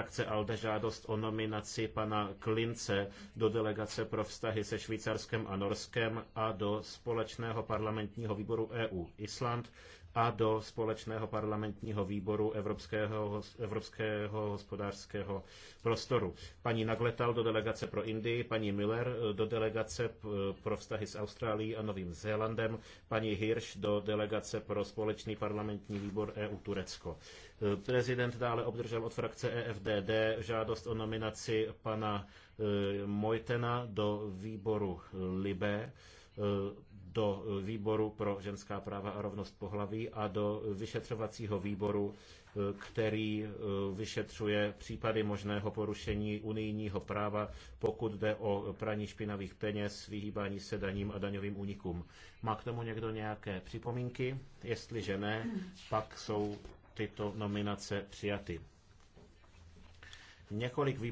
frakce ALDE žádost o nominaci pana Klince do delegace pro vztahy se Švýcarskem a Norskem a do společného parlamentního výboru EU Island a do společného parlamentního výboru Evropského, Evropského hospodářského prostoru. Paní Nagletal do delegace pro Indii, paní Miller eh, do delegace pro vztahy s Austrálií a Novým Zélandem, paní Hirsch do delegace pro společný parlamentní výbor EU Turecko. Eh, prezident dále obdržel od frakce EFDD žádost o nominaci pana eh, Mojtena do výboru Libé do výboru pro ženská práva a rovnost pohlaví a do vyšetřovacího výboru, e, který e, vyšetřuje případy možného porušení unijního práva, pokud jde o praní špinavých peněz, vyhýbání se daním a daňovým únikům. Má k tomu někdo nějaké připomínky? Jestliže ne, pak jsou tyto nominace přijaty. Několik výborů